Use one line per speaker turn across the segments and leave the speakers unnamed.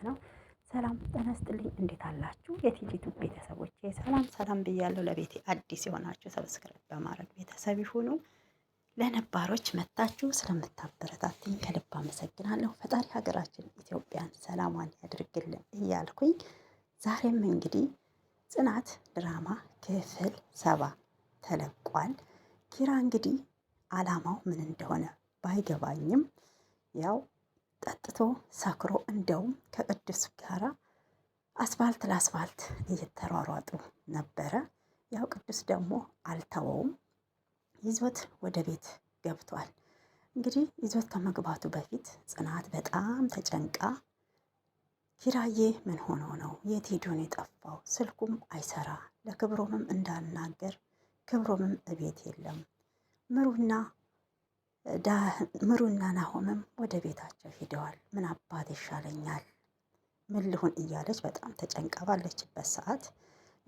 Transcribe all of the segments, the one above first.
ማለት ነው። ሰላም ጤና ይስጥልኝ። እንዴት አላችሁ? የቲጂቱ ቤተሰቦች ሰላም ሰላም ብያለሁ። ለቤቴ አዲስ የሆናችሁ ሰብስክራይብ በማድረግ ቤተሰብ ይሁኑ። ለነባሮች መታችሁ ስለምታበረታትኝ ከልብ አመሰግናለሁ። ፈጣሪ ሀገራችን ኢትዮጵያን ሰላሟን ያድርግልን እያልኩኝ ዛሬም እንግዲህ ጽናት ድራማ ክፍል ሰባ ተለቋል። ኪራ እንግዲህ አላማው ምን እንደሆነ ባይገባኝም ያው ጠጥቶ ሰክሮ እንደውም ከቅዱስ ጋር አስፋልት ለአስፋልት እየተሯሯጡ ነበረ። ያው ቅዱስ ደግሞ አልተወውም፣ ይዞት ወደ ቤት ገብቷል። እንግዲህ ይዞት ከመግባቱ በፊት ጽናት በጣም ተጨንቃ ኪራዬ ምን ሆኖ ነው? የት ሄዶ ነው የጠፋው? ስልኩም አይሰራ፣ ለክብሮምም እንዳናገር ክብሮምም እቤት የለም ምሩና ምሩና ናሆምም ወደ ቤታቸው ሂደዋል። ምን አባት ይሻለኛል፣ ምን ልሁን እያለች በጣም ተጨንቃ ባለችበት ሰዓት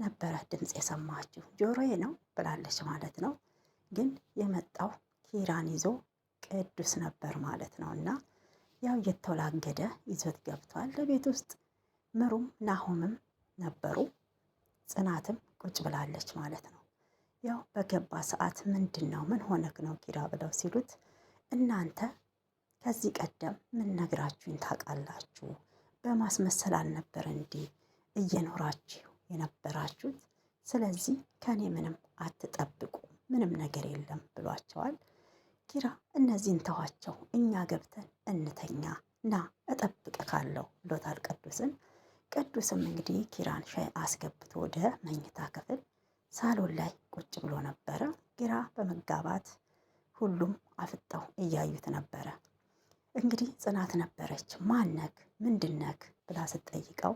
ነበረ ድምፅ የሰማችው። ጆሮዬ ነው ብላለች ማለት ነው። ግን የመጣው ኪራን ይዞ ቅዱስ ነበር ማለት ነው። እና ያው እየተወላገደ ይዞት ገብቷል ለቤት ውስጥ። ምሩም ናሆምም ነበሩ። ጽናትም ቁጭ ብላለች ማለት ነው። ያው በገባ ሰዓት ምንድን ነው ምን ሆነክ ነው ኪራ ብለው ሲሉት እናንተ ከዚህ ቀደም ምን ነግራችሁኝ ታውቃላችሁ? በማስመሰል አልነበር እንዴ እየኖራችሁ የነበራችሁት? ስለዚህ ከኔ ምንም አትጠብቁ፣ ምንም ነገር የለም ብሏቸዋል። ኪራ እነዚህን ተዋቸው፣ እኛ ገብተን እንተኛ፣ ና ካለው ብሎታል ቅዱስን። ቅዱስም እንግዲህ ኪራን ሻይ አስገብቶ ወደ መኝታ ክፍል ሳሎን ላይ ቁጭ ብሎ ነበረ። ግራ በመጋባት ሁሉም አፍጠው እያዩት ነበረ። እንግዲህ ጽናት ነበረች። ማነክ ምንድነክ ብላ ስትጠይቀው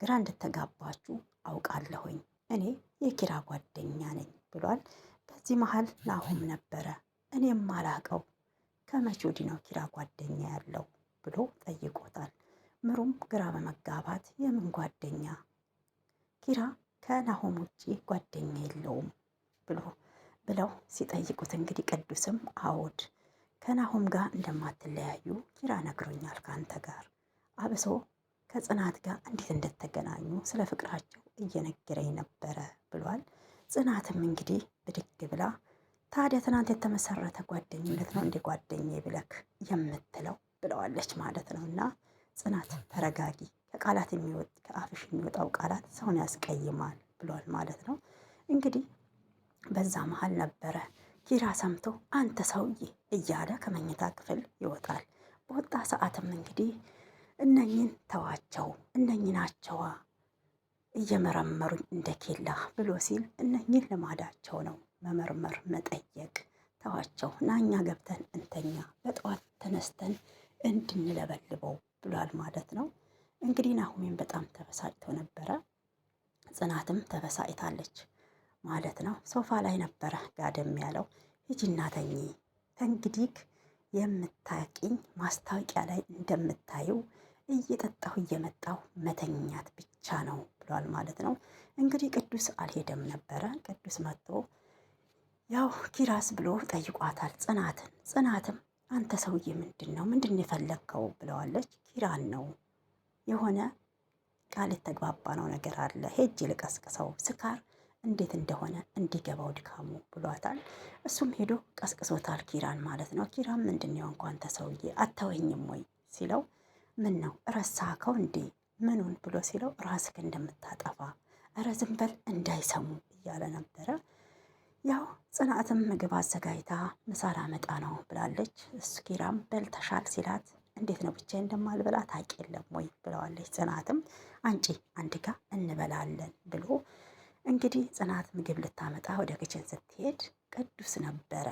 ግራ እንደተጋባችሁ አውቃለሁኝ እኔ የኪራ ጓደኛ ነኝ ብሏል። በዚህ መሀል ናሁም ነበረ። እኔም አላቀው ከመቼ ወዲህ ነው ኪራ ጓደኛ ያለው ብሎ ጠይቆታል። ምሩም ግራ በመጋባት የምን ጓደኛ ኪራ ከናሆም ውጭ ጓደኛ የለውም ብሎ ብለው ሲጠይቁት እንግዲህ ቅዱስም አዎድ ከናሆም ጋር እንደማትለያዩ ኪራ ነግሮኛል፣ ከአንተ ጋር አብሶ ከጽናት ጋር እንዴት እንደተገናኙ ስለ ፍቅራቸው እየነገረኝ ነበረ ብሏል። ጽናትም እንግዲህ ብድግ ብላ ታዲያ ትናንት የተመሰረተ ጓደኝነት ነው እንደ ጓደኛ ብለክ የምትለው ብለዋለች ማለት ነው። እና ጽናት ተረጋጊ ቃላት የሚወጥ ከአፍሽ የሚወጣው ቃላት ሰውን ያስቀይማል ብሏል ማለት ነው። እንግዲህ በዛ መሀል ነበረ ኪራ ሰምቶ አንተ ሰውዬ እያለ ከመኝታ ክፍል ይወጣል። በወጣ ሰዓትም እንግዲህ እነኝን ተዋቸው እነኝ ናቸዋ እየመረመሩኝ እንደ ኬላ ብሎ ሲል እነኝን ልማዳቸው ነው መመርመር፣ መጠየቅ። ተዋቸው ናኛ ገብተን እንተኛ፣ በጠዋት ተነስተን እንድንለበልበው ጽናትም ተበሳጭታለች ማለት ነው። ሶፋ ላይ ነበረ ጋደም ያለው። ሂጂና እናተኝ ከእንግዲህ የምታቂኝ ማስታወቂያ ላይ እንደምታዩ እየጠጣሁ እየመጣሁ መተኛት ብቻ ነው ብሏል ማለት ነው። እንግዲህ ቅዱስ አልሄደም ነበረ። ቅዱስ መጥቶ ያው ኪራስ ብሎ ጠይቋታል ጽናትን። ጽናትም አንተ ሰውዬ ምንድን ነው ምንድን የፈለግከው ብለዋለች። ኪራን ነው የሆነ ቃል ነው ነገር አለ። ሄጅ ልቀስቅሰው ስካር እንዴት እንደሆነ እንዲገባው ድካሙ ብሏታል። እሱም ሄዶ ቀስቅሶታል፣ ኪራን ማለት ነው። ኪራን ምንድን ነው እንኳን ተሰውዬ አተወኝም አታወኝም ወይ ሲለው ምን ነው ረሳከው እንዴ ምኑን ብሎ ሲለው ራስክ እንደምታጠፋ እረ ዝም በል እንዳይሰሙ እያለ ነበረ። ያው ጽናትም ምግብ አዘጋጅታ ምሳር አመጣ ነው ብላለች። እሱ ኪራም በልተሻል ሲላት እንዴት ነው ብቻ እንደማልበላ ታውቂ የለም ወይ ብለዋለች ጽናትም አንጪ አንድ ጋ እንበላለን ብሎ እንግዲህ ጽናት ምግብ ልታመጣ ወደ ክችን ስትሄድ ቅዱስ ነበረ።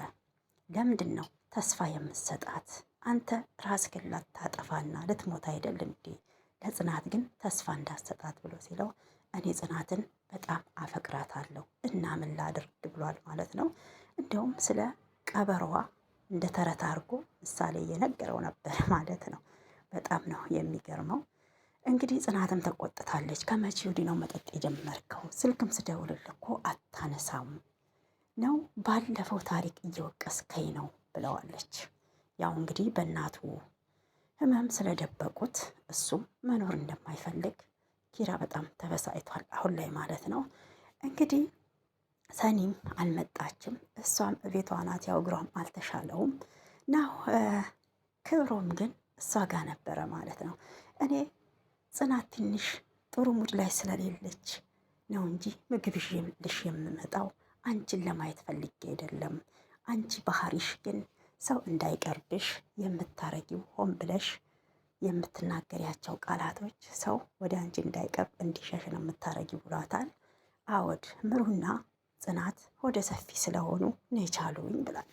ለምንድን ነው ተስፋ የምትሰጣት? አንተ ራስህን ላታጠፋና ልትሞት አይደል እንዴ? ለጽናት ግን ተስፋ እንዳሰጣት ብሎ ሲለው እኔ ጽናትን በጣም አፈቅራታለሁ እና ምን ላድርግ ብሏል ማለት ነው። እንዲሁም ስለ ቀበሮዋ እንደ ተረት አድርጎ ምሳሌ እየነገረው ነበር ማለት ነው። በጣም ነው የሚገርመው። እንግዲህ ጽናትም ተቆጥታለች። ከመቼ ወዲህ ነው መጠጥ የጀመርከው? ስልክም ስደውልልህ እኮ አታነሳም ነው ባለፈው ታሪክ እየወቀስከኝ ነው ብለዋለች። ያው እንግዲህ በእናቱ ህመም ስለደበቁት እሱም መኖር እንደማይፈልግ ኪራ በጣም ተበሳጭቷል። አሁን ላይ ማለት ነው እንግዲህ ሰኒም አልመጣችም። እሷም ቤቷ ናት። ያው እግሯም አልተሻለውም ናው ክብሮም ግን እሷ ጋር ነበረ ማለት ነው እኔ ጽናት ትንሽ ጥሩ ሙድ ላይ ስለሌለች ነው እንጂ ምግብ ልሽ የምመጣው አንቺን ለማየት ፈልጌ አይደለም። አንቺ ባህሪሽ ግን ሰው እንዳይቀርብሽ የምታረጊው ሆን ብለሽ የምትናገሪያቸው ቃላቶች ሰው ወደ አንቺ እንዳይቀርብ እንዲሸሽ ነው የምታረጊው ብሏታል። አወድ ምሩና ጽናት ወደ ሰፊ ስለሆኑ ነው ብላል።